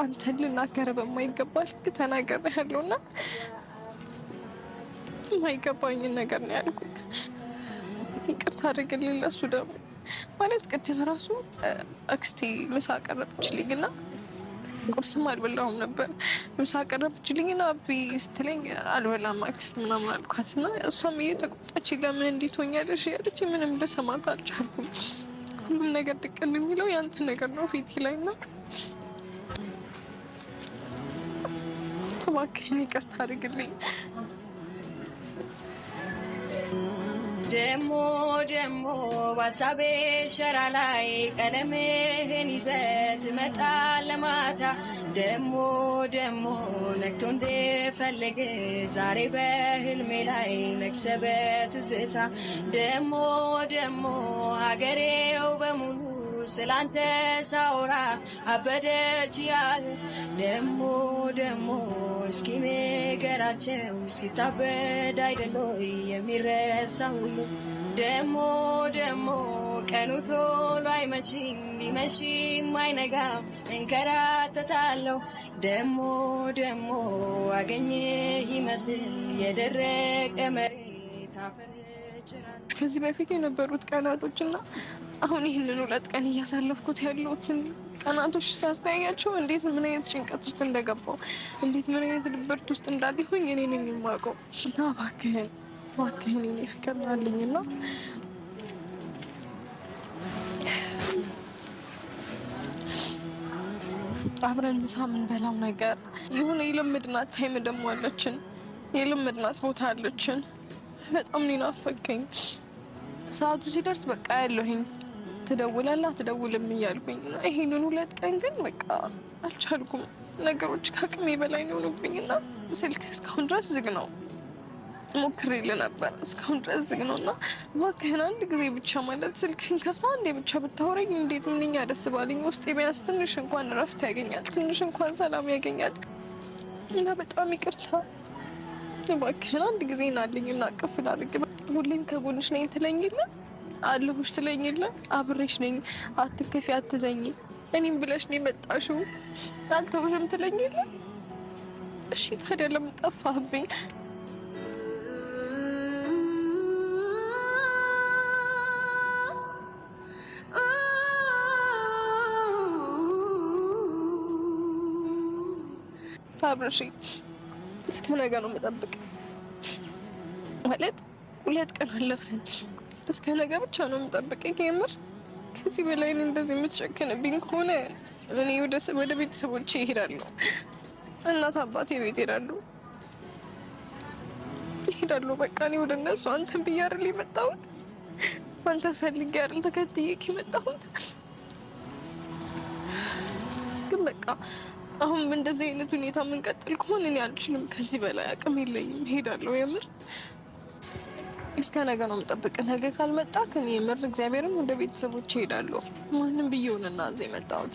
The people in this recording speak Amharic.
አንተን ልናገረ በማይገባ ልክ ተናገረ ያለው እና የማይገባኝን ነገር ነው ያልኩት። ይቅርታ አድርግልኝ። ለሱ ደግሞ ማለት ቅድም ራሱ አክስቴ ምሳ ቀረበችልኝ እና ቁርስም አልበላሁም ነበር። ምሳ ቀረበችልኝ እና አቢ ስትለኝ አልበላም አክስት ምናምን አልኳት እና እሷም እየተቆጣች ለምን እንዲህ ትሆኛለሽ ያለች ምንም ልሰማት አልቻልኩም። ሁሉም ነገር ድቅን የሚለው የአንተ ነገር ነው ፊቴ ላይ እና እባክሽን ይቅርታ አድርግልኝ። ደሞ ደሞ ባሳቤ ሸራ ላይ ቀለምህን ይዘት መጣ ለማታ ደሞ ደሞ ነግቶ እንደፈለገ ዛሬ በህልሜ ላይ ነግሰበት ዝታ ደሞ ደሞ ሀገሬው በሙሉ ስላንተ ሳውራ አበደች ያለ ደሞ ደሞ እስኪ ነገራቸው ሲታበድ አይደለ የሚረሳ ሁሉ ደሞ ደሞ ቀኑ ቶሎ አይመሽም ቢመሽም አይነጋም እንከራተታለሁ ደሞ ደሞ አገኘህ ይመስል የደረቀ መሬት አፈር ከዚህ በፊት የነበሩት ቀናቶች እና አሁን ይህንን ሁለት ቀን እያሳለፍኩት ያለሁትን ቀናቶች ሳስተያያቸው እንዴት ምን አይነት ጭንቀት ውስጥ እንደገባው እንዴት ምን አይነት ድብርት ውስጥ እንዳለሁኝ እኔ ነኝ የማውቀው። እና እባክህን እባክህን የእኔ ፍቅር አለኝ እና አብረን ምሳ በላው ነገር የሆነ የልምድናት ታይም ደግሞ አለችን፣ የልምድናት ቦታ አለችን በጣም ነው ናፈቀኝ። ሰዓቱ ሲደርስ በቃ ያለሁኝ ትደውላላ ትደውልም እያልኩኝ እና ይሄንን ሁለት ቀን ግን በቃ አልቻልኩም። ነገሮች ከአቅሜ በላይ ነው ሆኑብኝ እና ስልክ እስካሁን ድረስ ዝግ ነው። ሞክሬልህ ነበር እስካሁን ድረስ ዝግ ነው እና እባክህን አንድ ጊዜ ብቻ ማለት ስልክን ከፍታ አንዴ ብቻ ብታወራኝ እንዴት ምንኛ ደስ ባልኝ። ውስጤ ቢያንስ ትንሽ እንኳን እረፍት ያገኛል፣ ትንሽ እንኳን ሰላም ያገኛል እና በጣም ይቅርታ እባክሽን አንድ ጊዜ እናለኝ እና አቅፍ ላድርግ። ሁሌም ከጎንሽ ነኝ ትለኝ የለ አለሁሽ ትለኝ የለ አብሬሽ ነኝ አትከፊ አትዘኝ እኔም ብለሽ ነው የመጣሽው አልተውሽም ትለኝ የለ እሺ ታዲያ ለምን ጠፋህብኝ? አብረሽኝ እስከ ነገ ነው የምጠብቅ። ማለት ሁለት ቀን አለፈን። እስከ ነገ ብቻ ነው የምጠብቅ። ጌምር ከዚህ በላይ እኔ እንደዚህ የምትጨክንብኝ ከሆነ እኔ ወደ ቤተሰቦቼ ይሄዳሉ፣ እናት አባቴ ቤት ይሄዳሉ ይሄዳሉ። በቃ እኔ ወደ እነሱ አንተን ብዬ አይደል የመጣሁት፣ አንተን ፈልጌ አይደል ተከትዬ የመጣሁት። ግን በቃ አሁን እንደዚህ አይነት ሁኔታ የምንቀጥል ከሆነ እኔ አልችልም። ከዚህ በላይ አቅም የለኝም። ሄዳለሁ። የምር እስከ ነገ ነው የምጠብቅ። ነገ ካልመጣ ከኔ የምር እግዚአብሔርም ወደ ቤተሰቦች ሄዳለሁ። ማንም ብዬ ሆነና እዚህ የመጣሁት